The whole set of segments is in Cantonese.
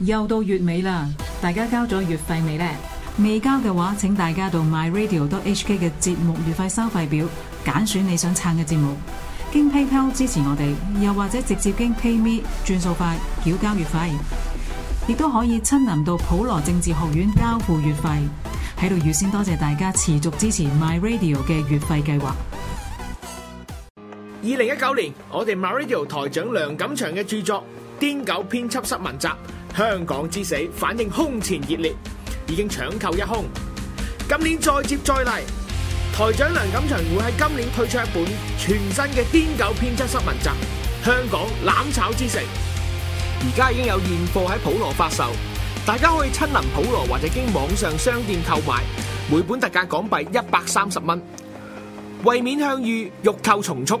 又到月尾啦，大家交咗月費未呢？未交嘅話，請大家到 My Radio dot HK 嘅節目月費收費表揀選你想撐嘅節目，經 PayPal 支持我哋，又或者直接經 PayMe 轉數快繳交月費，亦都可以親臨到普羅政治學院交付月費。喺度預先多謝大家持續支持 My Radio 嘅月費計劃。二零一九年，我哋 My Radio 台長梁錦祥嘅著作《癲狗編輯室文集》。香港之死反應空前熱烈，已經搶購一空。今年再接再厲，台長梁錦祥會喺今年推出一本全新嘅癲狗編輯室文集《香港攬炒之城》，而家已經有現貨喺普羅發售，大家可以親臨普羅或者經網上商店購買，每本特價港幣一百三十蚊，為免向隅，欲購從速。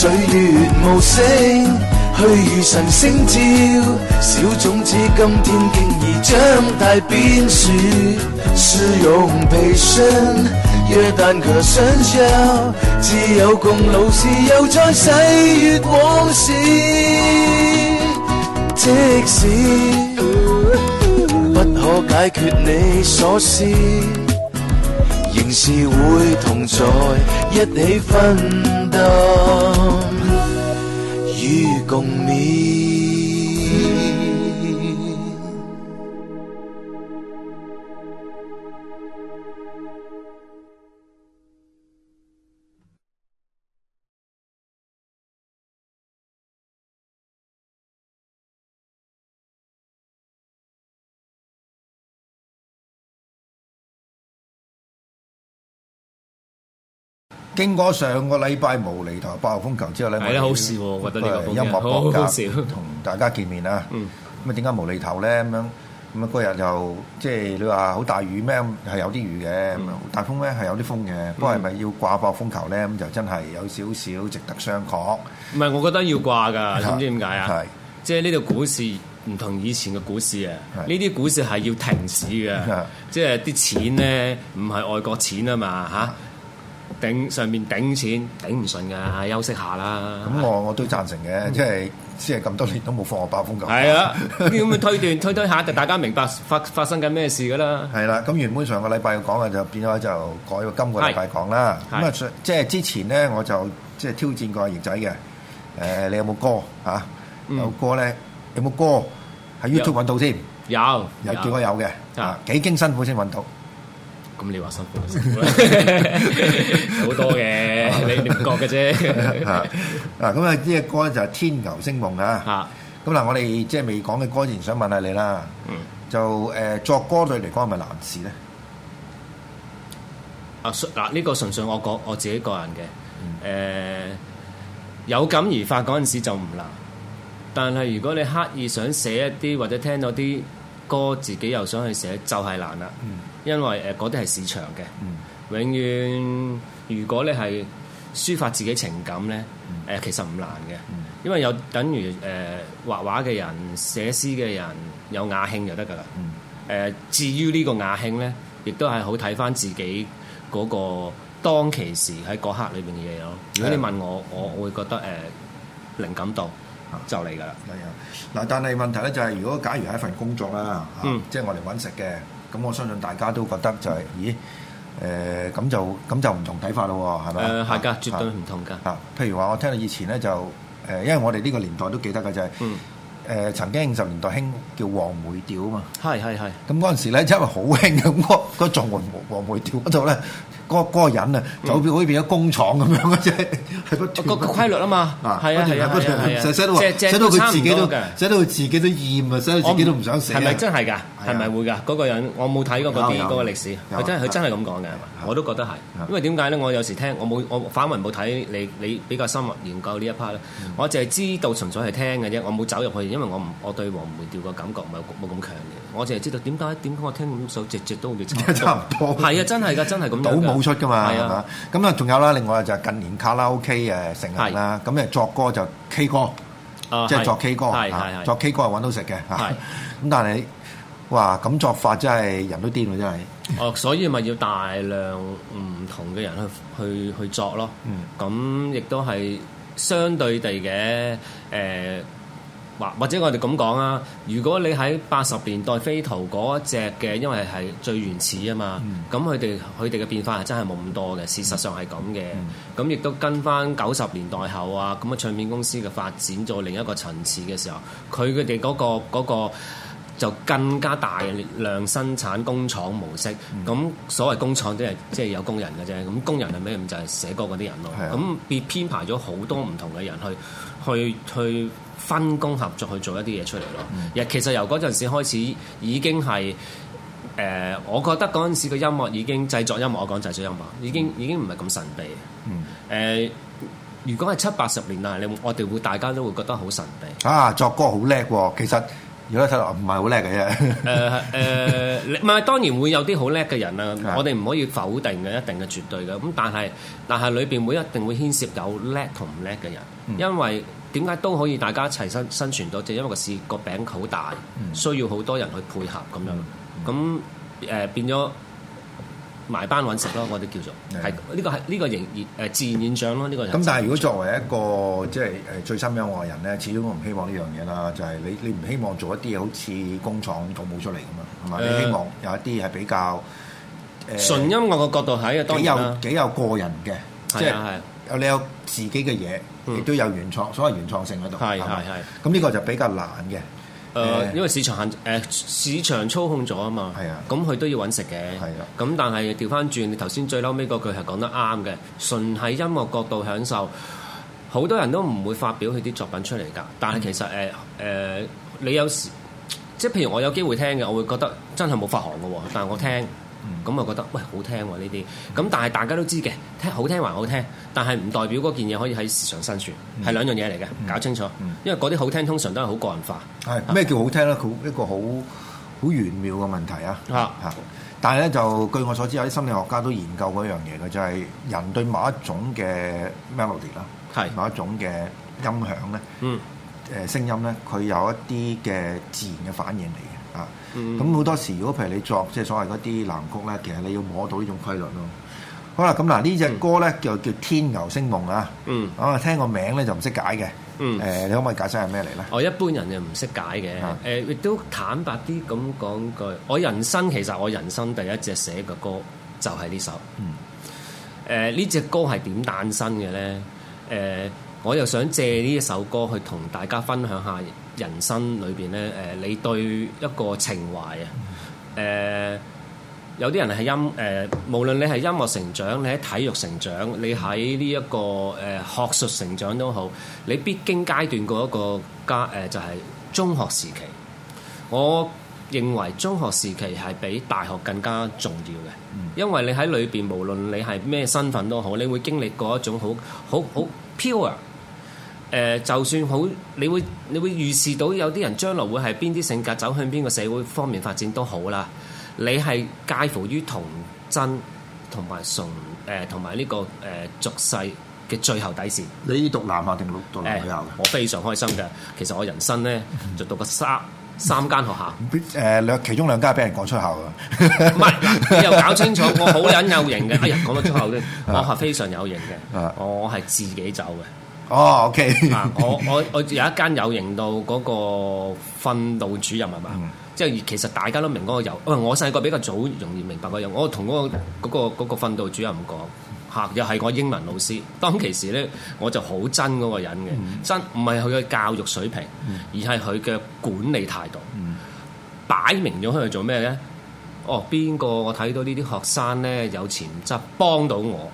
歲月，月無聲，去如晨星照。小種子今天竟已長大變樹，皮是容疲憊若但求相交，自有共老時又再細閱往事。即使不可解決你所思。仍是會同在一起分擔與共勉。經過上個禮拜無厘頭暴風球之後咧，係啊，好事喎！我覺得呢個好啊，好好事。同大家見面啊！咁啊，點解無厘頭咧？咁樣咁啊，嗰日就即係你話好大雨咩？係有啲雨嘅，大風咩？係有啲風嘅。不過係咪要掛暴風球咧？咁就真係有少少值得商榷。唔係，我覺得要掛㗎，唔知點解啊？即係呢度股市唔同以前嘅股市啊！呢啲股市係要停市嘅，即係啲錢咧唔係外國錢啊嘛嚇。頂上面頂錢頂唔順噶，休息下啦。咁我我都贊成嘅，即係即係咁多年都冇放學暴風咁。係啦，咁樣推斷推推下，就大家明白發發生緊咩事噶啦。係啦，咁原本上個禮拜要講嘅就變咗就改到今個禮拜講啦。咁啊，即係之前咧，我就即係挑戰過阿翼仔嘅。誒，你有冇歌啊？有歌咧，有冇歌喺 YouTube 揾到先？有有幾個有嘅啊？幾經辛苦先揾到。咁你話辛苦啦，好多嘅，你你唔覺嘅啫。嗱，咁啊呢隻歌就係《天牛星夢》啊。咁嗱，我哋即係未講嘅歌前，想問下你啦。嗯，就誒作歌再嚟講係咪難事咧？啊，嗱，呢個純粹我個我自己個人嘅，誒，有感而發嗰陣時就唔難，但係如果你刻意想寫一啲或者聽到啲。歌自己又想去寫就係難啦，因為嗰啲係市場嘅，永遠如果你係抒發自己情感咧，誒其實唔難嘅，因為有等於誒畫畫嘅人、寫詩嘅人有雅興就得噶啦。誒至於呢個雅興咧，亦都係好睇翻自己嗰個當其時喺嗰刻裏邊嘅嘢咯。如果你問我，我會覺得誒靈感度。就嚟噶啦，嗱，但係問題咧就係、是，如果假如係一份工作啦，嗯、即係我嚟揾食嘅，咁我相信大家都覺得就係、是，嗯、咦，誒、呃，咁就咁就唔同睇法咯，係咪？誒係㗎，啊、絕對唔同㗎。嗱、啊，譬如話，我聽到以前咧就誒、呃，因為我哋呢個年代都記得嘅就係、是、誒、嗯呃、曾經五十年代興叫黃梅調啊嘛，係係係。咁嗰陣時咧，因為好興嘅，個個仲黃黃梅調嗰度咧。嗰嗰個人啊，就好好似變咗工廠咁樣嘅啫，係個規律啊嘛，係啊，係啊，係啊，即即差唔多嘅，使到佢自己都，使到佢自己都厭啊，使到自己都唔想寫啊，係咪真係㗎？係咪會㗎？嗰個人我冇睇過嗰啲嗰個歷史，佢真係佢真係咁講嘅，係嘛？我都覺得係，因為點解咧？我有時聽，我冇我反問冇睇你你比較深入研究呢一 part 咧，我淨係知道純粹係聽嘅啫，我冇走入去，因為我唔我對黃梅調個感覺唔係冇冇咁強嘅，我淨係知道點解點解我聽咁多隻隻都好似差唔多，係啊，真係㗎，真係咁。賭舞出㗎嘛，係嘛？咁啊，仲有啦，另外就係近年卡拉 OK 誒盛行啦，咁誒作歌就 K 歌，即係作 K 歌，作 K 歌係揾到食嘅，咁但係。哇！咁作法真係人都癲㗎，真係 哦，所以咪要大量唔同嘅人去去去作咯。咁亦都係相對地嘅誒，或、呃、或者我哋咁講啊，如果你喺八十年代飛圖嗰隻嘅，因為係最原始啊嘛，咁佢哋佢哋嘅變化係真係冇咁多嘅，事實上係咁嘅。咁亦都跟翻九十年代後啊，咁嘅唱片公司嘅發展做另一個層次嘅時候，佢哋嗰個嗰個。嗰個嗰個嗰個就更加大量生產工廠模式，咁、嗯、所謂工廠都係即係有工人嘅啫，咁工人係咩？就係、是、寫歌嗰啲人咯。咁別、嗯、編排咗好多唔同嘅人去去、去分工合作去做一啲嘢出嚟咯。嗯、其實由嗰陣時開始已經係誒、呃，我覺得嗰陣時嘅音樂已經製作音樂，我講製作音樂已經、嗯、已經唔係咁神秘。誒、嗯呃，如果係七八十年代，你我哋會大家都會覺得好神秘。啊，作歌好叻喎，其實～如果睇落唔係好叻嘅啫。誒誒，唔 係樂、呃呃、當然會有啲好叻嘅人啦。的我哋唔可以否定嘅，一定嘅絕對嘅。咁但係，但係裏邊會一定會牽涉有叻同唔叻嘅人，嗯、因為點解都可以大家一齊生生存到，就因為個市個餅好大，嗯、需要好多人去配合咁、嗯、樣。咁、呃、誒變咗。埋班揾食咯，我哋叫做係呢個係呢個營業誒自然現象咯，呢個，咁但係如果作為一個即係誒最深音樂人咧，始終我唔希望呢樣嘢啦，就係你你唔希望做一啲好似工廠咁冇出嚟㗎嘛，係咪？你希望有一啲係比較誒純音樂嘅角度係一個幾有幾有個人嘅，即係有你有自己嘅嘢，亦都有原創所謂原創性喺度，係係係。咁呢個就比較難嘅。呃、因為市場限誒、呃、市場操控咗啊嘛，咁佢的都要揾食嘅，咁的但係調翻轉，你頭先最嬲尾嗰句係講得啱嘅，純喺音樂角度享受，好多人都唔會發表佢啲作品出嚟㗎。但係其實誒誒、呃呃，你有時即係譬如我有機會聽嘅，我會覺得真係冇發行嘅喎，但係我聽。咁我、嗯、覺得喂，好聽喎呢啲，咁但係大家都知嘅，聽好聽還好聽，但係唔代表嗰件嘢可以喺市場生存，係、嗯、兩樣嘢嚟嘅，嗯、搞清楚。嗯嗯、因為嗰啲好聽通常都係好個人化。係咩叫好聽咧？好是一個好好玄妙嘅問題啊！嚇，是但係咧就據我所知，有啲心理學家都研究嗰樣嘢嘅，就係、是、人對某一種嘅 melody 啦，係某一種嘅音響咧，嗯是，誒、呃、聲音咧，佢有一啲嘅自然嘅反應嚟嘅。啊，咁好、嗯、多時，如果譬如你作即係所謂嗰啲藍曲咧，其實你要摸到呢種規律咯。好啦，咁嗱呢隻歌咧就叫、叫天牛星夢啊。嗯。啊，聽個名咧就唔識解嘅。嗯。誒、呃，你可唔可以解釋係咩嚟咧？我一般人就唔識解嘅。誒、嗯，亦都、呃、坦白啲咁講句，我人生其實我人生第一隻寫嘅歌就係呢首。嗯。誒、呃，呢隻歌係點誕生嘅咧？誒、呃，我又想借呢一首歌去同大家分享下。人生裏邊咧，誒，你對一個情懷啊，誒、呃，有啲人係音誒、呃，無論你係音樂成長，你喺體育成長，你喺呢一個誒、呃、學術成長都好，你必經階段過一個家誒、呃，就係、是、中學時期。我認為中學時期係比大學更加重要嘅，因為你喺裏邊，無論你係咩身份都好，你會經歷過一種好好好 pure。誒、呃，就算好，你會你會預示到有啲人將來會係邊啲性格走向邊個社會方面發展都好啦。你係介乎於童真同埋崇誒同埋呢個誒俗、呃、世嘅最後底線。你讀南校定讀、呃、讀南校我非常開心嘅。其實我人生咧就讀過三三間學校。誒兩、嗯呃、其中兩間係俾人講出校㗎。唔係，你又搞清楚，我好撚有型嘅。哎呀，講到出口嘅， 我係非常有型嘅。我係自己走嘅。哦、oh,，OK，啊， 我我我有一間有型到嗰個訓導主任係嘛，即係、mm hmm. 其實大家都明嗰個有，我細個比較早容易明白嗰樣。我同嗰、那個嗰、那個嗰、那個那個、訓導主任講，嚇又係我英文老師。當其時咧，我就好憎嗰個人嘅，mm hmm. 真唔係佢嘅教育水平，而係佢嘅管理態度。Mm hmm. 擺明咗佢嚟做咩咧？哦，邊個我睇到呢啲學生咧有潛質，幫到我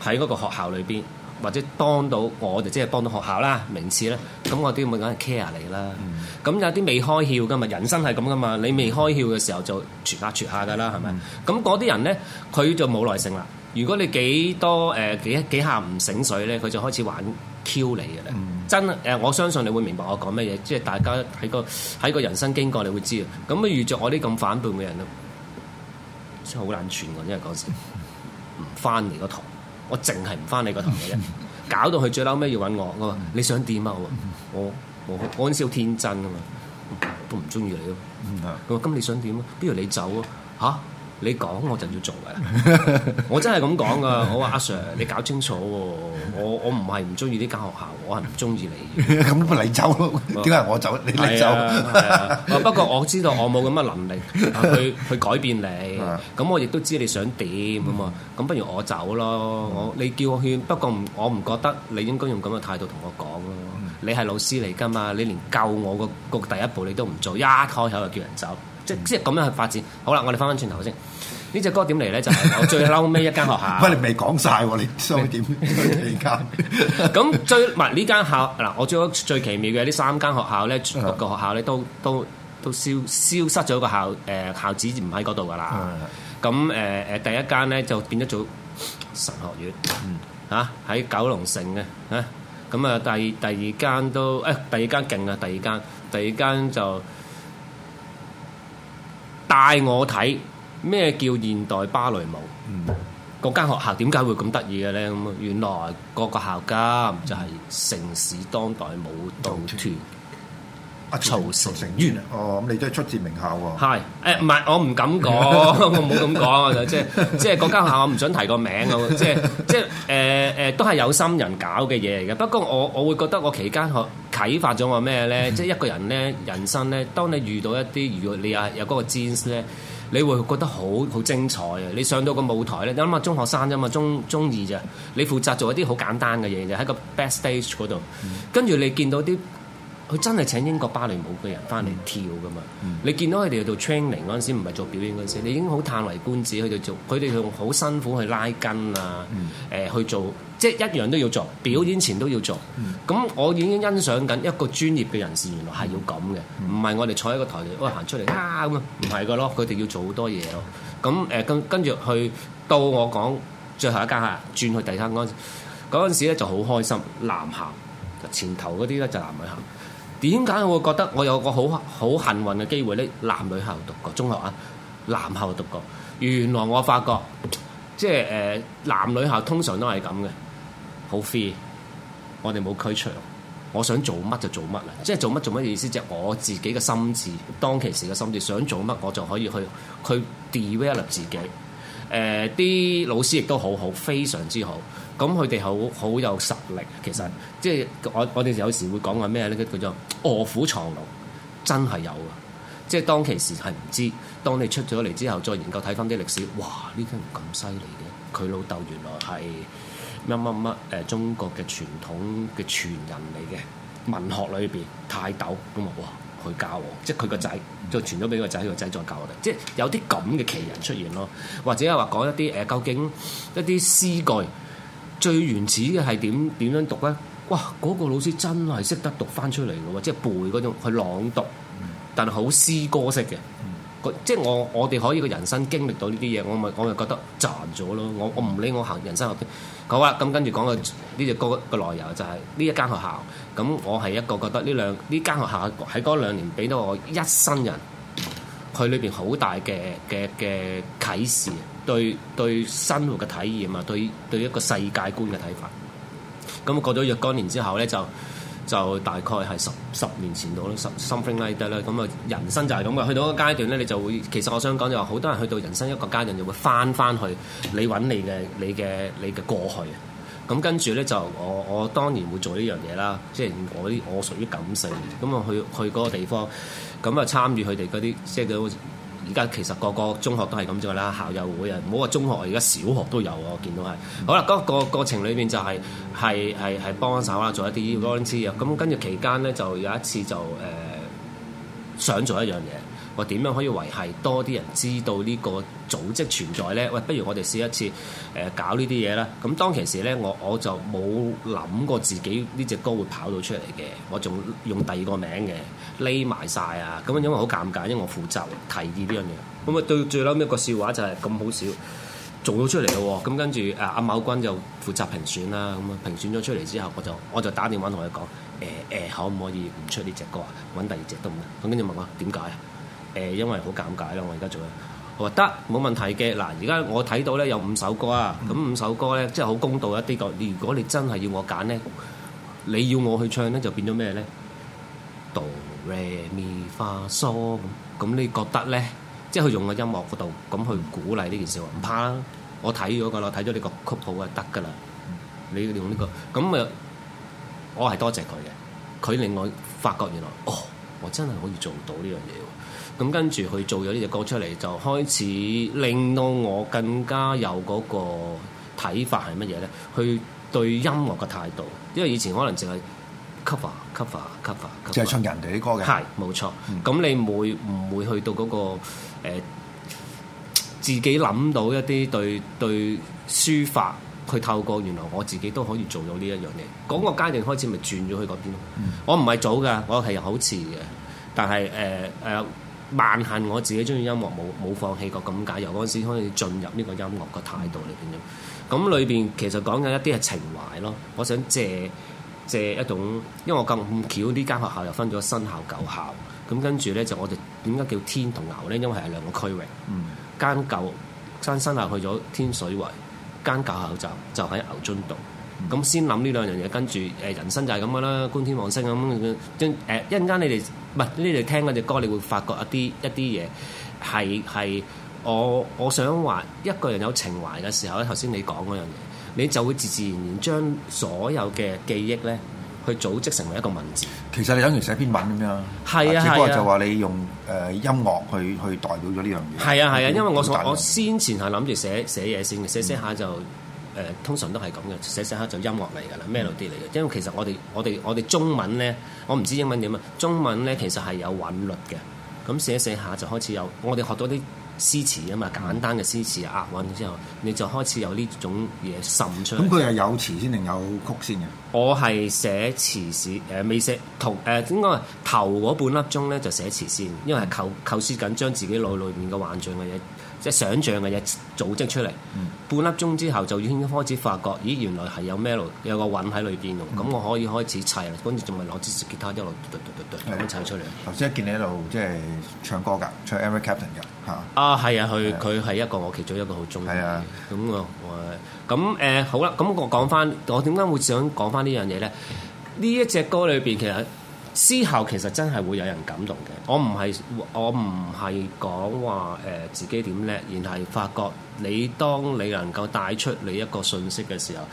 喺嗰個學校裏邊。Mm hmm. 或者幫到我哋，即係幫到學校啦、名次啦，咁我都要冇咁 care 你啦、嗯。咁、嗯、有啲未開竅噶嘛，人生係咁噶嘛，你未開竅嘅時候就蝕下蝕下噶啦，係咪？咁嗰啲人咧，佢就冇耐性啦。如果你幾多誒、呃、幾幾下唔醒水咧，佢就開始玩 Q 你嘅啦。嗯、真誒，我相信你會明白我講乜嘢，即係大家喺個喺個人生經過，你會知啊。咁、嗯、遇着我啲咁反叛嘅人咯，真係好難轉喎，因為嗰時唔翻你個台。我淨係唔返你個頭嘅啫，搞到佢最嬲咩要揾我啊！你想點啊？我我我嗰陣時好天真啊嘛，都唔中意你咯、啊。佢話：咁你想點啊？不如你走啊？嚇、啊！你講我就要做嘅， 我真係咁講㗎。我話阿 Sir，你搞清楚，我我唔係唔中意呢間學校，我係唔中意你。咁 你走咯？點解我走？你嚟 走？啊啊、 不過我知道我冇咁嘅能力去去，去改變你。咁 我亦都知你想點啊嘛？咁、嗯、不如我走咯。嗯、我你叫我勸，不過唔我唔覺得你應該用咁嘅態度同我講咯。嗯、你係老師嚟㗎嘛？你連救我個個第一步你都唔做，一開口就叫人走。即即係咁樣去發展，好啦，我哋翻返轉頭先。呢隻歌點嚟咧？就係、是、有最嬲尾一間學校。喂， 你未講晒喎，你收點幾間？咁最唔係呢間校嗱，我最最奇妙嘅呢三間學校咧，全個學校咧都都都，都消消失咗個校誒校址唔喺嗰度㗎啦。咁誒誒第一間咧就變咗做神學院，嚇喺、 啊、九龍城嘅。嚇咁啊，第二第二間都誒、哎，第二間勁啊，第二間第二間就。帶我睇咩叫現代芭蕾舞？嗰間、嗯、學校點解會咁得意嘅咧？咁原來嗰個校監就係城市當代舞蹈團阿、嗯嗯嗯、曹成員哦，咁、嗯、你都係出自名校喎、啊。係，誒唔係我唔敢講，我冇咁講就即係即係嗰間學校我唔想提個名啊！即係即係誒誒都係有心人搞嘅嘢嚟嘅。不過我我，我會覺得我期間學。啟發咗我咩咧？嗯、即係一個人咧，人生咧，當你遇到一啲，如果你有有嗰個天賦咧，你會覺得好好精彩。你上到個舞台咧，你諗下，中學生啫嘛，中中二咋？你負責做一啲好簡單嘅嘢就喺個 back stage 嗰度。跟住、嗯、你見到啲，佢真係請英國芭蕾舞嘅人翻嚟跳噶嘛？你見到佢哋做 training 嗰陣時，唔係做表演嗰陣時，你已經好嘆為觀止。佢哋做，佢哋用好辛苦去拉筋啊，誒、呃、去做。即係一樣都要做，表演前都要做。咁、嗯、我已經欣賞緊一個專業嘅人士，原來係要咁嘅，唔係、嗯、我哋坐喺個台度行出嚟啊咁啊，唔係個咯，佢哋要做好多嘢咯。咁誒、呃、跟跟住去到我講最後一間嚇，轉去第三嗰陣時，嗰陣時咧就好開心。男校前頭嗰啲咧就是、男女校，點解我會覺得我有個好好幸運嘅機會咧？男女校讀過中學啊，男校讀過，原來我發覺即係誒、呃、男女校通常都係咁嘅。好 free，我哋冇拘束，我想做乜就做乜啦。即係做乜做乜意思，即係我自己嘅心智。當其時嘅心智，想做乜我就可以去去 develop 自己。誒、呃，啲老師亦都好好，非常之好。咁佢哋好好有實力。其實即係我我哋有時會講話咩呢？叫做臥虎藏龍，真係有㗎。即係當其時係唔知，當你出咗嚟之後，再研究睇返啲歷史，哇！呢個人咁犀利嘅，佢老豆原來係。乜乜乜？誒，中國嘅傳統嘅傳人嚟嘅文學裏邊，泰斗咁啊！哇，佢教我，即係佢個仔就傳咗俾個仔，個仔再教我哋，即係有啲咁嘅奇人出現咯。或者係話講一啲誒，究竟一啲詩句最原始嘅係點點樣讀咧？哇！嗰個老師真係識得讀翻出嚟嘅喎，即係背嗰種去朗讀，但係好詩歌式嘅。即係我我哋可以個人生經歷到呢啲嘢，我咪我咪覺得賺咗咯。我我唔理我行人生學，好啦，咁跟住講嘅呢隻歌嘅內容就係呢一間學校。咁我係一個覺得呢兩呢間學校喺嗰兩年俾到我一生人，佢裏邊好大嘅嘅嘅啟示，對對生活嘅體驗啊，對對一個世界觀嘅睇法。咁過咗若干年之後咧就。就大概係十十年前到啦，十 something like that 啦。咁啊，人生就係咁嘅，去到一個階段咧，你就會其實我想講就話，好多人去到人生一個階段就會翻翻去，你搵你嘅、你嘅、你嘅過去。咁跟住咧就我我當然會做呢樣嘢啦，即係我我屬於感性嘅，咁啊去去嗰個地方，咁啊參與佢哋嗰啲即係而家其實個個中學都係咁做嘅啦，校友會啊，唔好話中學而家小學都有啊，我見到係。好啦，嗰個過程裏邊就係係係係幫手啦，做一啲 volunteer。咁跟住期間咧，就有一次就誒、呃、想做一樣嘢。我點樣可以維係多啲人知道呢個組織存在咧？喂，不如我哋試一次誒、呃，搞呢啲嘢啦。咁當其時咧，我我就冇諗過自己呢隻歌會跑到出嚟嘅。我仲用第二個名嘅匿埋晒啊。咁因為好尷尬，因為我負責提議呢樣嘢，咁咪到最嬲一個笑話就係、是、咁好笑做到出嚟咯、哦。咁跟住誒，阿、啊、某君就負責評選啦。咁、啊嗯、評選咗出嚟之後，我就我就打電話同佢講誒誒、欸欸，可唔可以唔出呢隻歌啊？揾第二隻都唔得。咁跟住問我點解？誒，因為好尷尬啦，我而家做咧，我話得冇問題嘅。嗱，而家我睇到咧有五首歌啊，咁、嗯、五首歌咧，即係好公道一啲個。如果你真係要我揀咧，你要我去唱咧，就變咗咩咧？哆唻咪發嗦咁，咁你覺得咧，即係佢用個音樂嗰度咁去鼓勵呢件事喎，唔怕啦，我睇咗個啦，睇咗你個曲譜啊，得㗎啦，你用呢個，咁啊，我係多謝佢嘅，佢令我發覺原來，哦，我真係可以做到呢樣嘢。咁跟住去做咗呢隻歌出嚟，就開始令到我更加有嗰個睇法係乜嘢呢？去對音樂嘅態度，因為以前可能淨係 cover cover cover cover，就係唱人哋啲歌嘅。係冇錯。咁、嗯、你會唔、嗯、會去到嗰、那個、呃、自己諗到一啲對對抒發？去透過原來我自己都可以做到呢一樣嘢。嗰、那個階段開始咪轉咗去嗰邊咯。我唔係早㗎，我係好遲嘅。但係誒誒。呃呃呃萬幸我自己中意音樂，冇冇放棄過咁解。由嗰陣時開始進入呢個音樂嘅態度嚟嘅咁，裏邊其實講緊一啲係情懷咯。我想借借一種，因為我咁唔巧呢間學校又分咗新校舊校，咁跟住呢，就我哋點解叫天同牛呢？因為係兩個區域，間、嗯、舊間新校去咗天水圍，間舊校就就喺牛津道。咁先諗呢兩樣嘢，跟住誒人生就係咁樣啦，觀天望星咁樣即誒一陣間你哋唔係你哋聽嗰隻歌，你會發覺一啲一啲嘢係係我我想話一個人有情懷嘅時候咧，頭先你講嗰樣嘢，你就會自自然然將所有嘅記憶咧，去組織成為一個文字。其實你等於寫篇文咁樣，係啊係啊、只不過就話你用誒、呃、音樂去去代表咗呢樣嘢。係啊係啊，很啊，因為我我先前係諗住寫寫嘢先嘅，寫寫下就。誒通常都係咁嘅，寫寫下就音樂嚟㗎啦咩 e l 嚟嘅。因為其實我哋我哋我哋中文咧，我唔知英文點啊。中文咧其實係有韻律嘅，咁寫寫下就開始有。我哋學到啲詩詞啊嘛，簡單嘅詩詞押韻之後，你就開始有呢種嘢滲出。咁佢係有詞先定有曲先嘅？我係寫詞先，誒未寫頭誒點講啊？頭嗰半粒鐘咧就寫詞先，因為構構思緊將自己內裏面嘅幻象嘅嘢，即係想像嘅嘢組織出嚟，半粒鐘之後就已經開始發覺，咦原來係有 melody，有個韻喺裏邊嘅，咁我可以開始砌啦。跟住仲咪攞支吉他一路剁剁砌出嚟。頭先一見你喺度即係唱歌㗎，唱《Every Captain》㗎嚇。啊係啊，佢佢係一個我其中一個好中意嘅。咁啊，咁誒、啊嗯、好啦，咁我講翻，我點解會想講翻呢樣嘢咧？呢、嗯、一隻歌裏邊其實。之後其實真係會有人感動嘅，我唔係我唔係講話誒自己點叻，而係發覺你當你能夠帶出你一個信息嘅時候，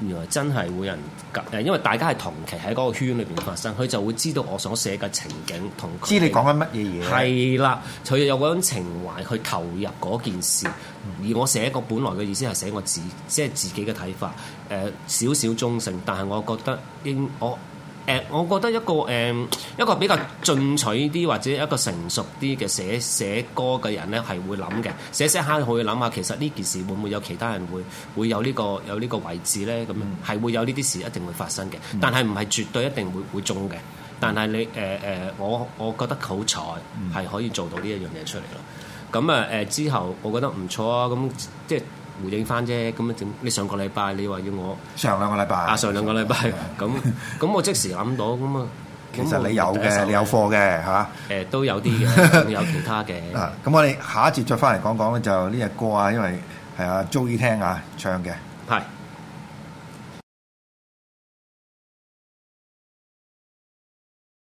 原來真係會有人感誒、呃，因為大家係同期喺嗰個圈裏邊發生，佢就會知道我所寫嘅情景同佢知你講緊乜嘢嘢係啦，佢有嗰種情懷去投入嗰件事，而我寫一個本來嘅意思係寫我自己即係自己嘅睇法，誒少少中性，但係我覺得應我。誒、呃，我覺得一個誒、呃、一個比較進取啲或者一個成熟啲嘅寫寫歌嘅人咧，係會諗嘅，寫寫下會諗下其實呢件事會唔會有其他人會會有呢、呢個有呢個位置咧？咁係、嗯、會有呢啲事一定會發生嘅，但係唔係絕對一定會會中嘅。但係你誒誒、呃呃，我我覺得好彩係可以做到呢一樣嘢出嚟咯。咁啊誒，之後我覺得唔錯啊。咁即係。回應翻啫，咁啊整，你上個禮拜你話要我上兩個禮拜啊，上兩個禮拜咁，咁我即時諗到咁啊，其實你有嘅你有貨嘅嚇，誒都有啲嘅，仲有其他嘅，咁、啊、我哋下一節再翻嚟講講咧就呢隻歌啊，因為係啊，Joy 聽啊唱嘅係。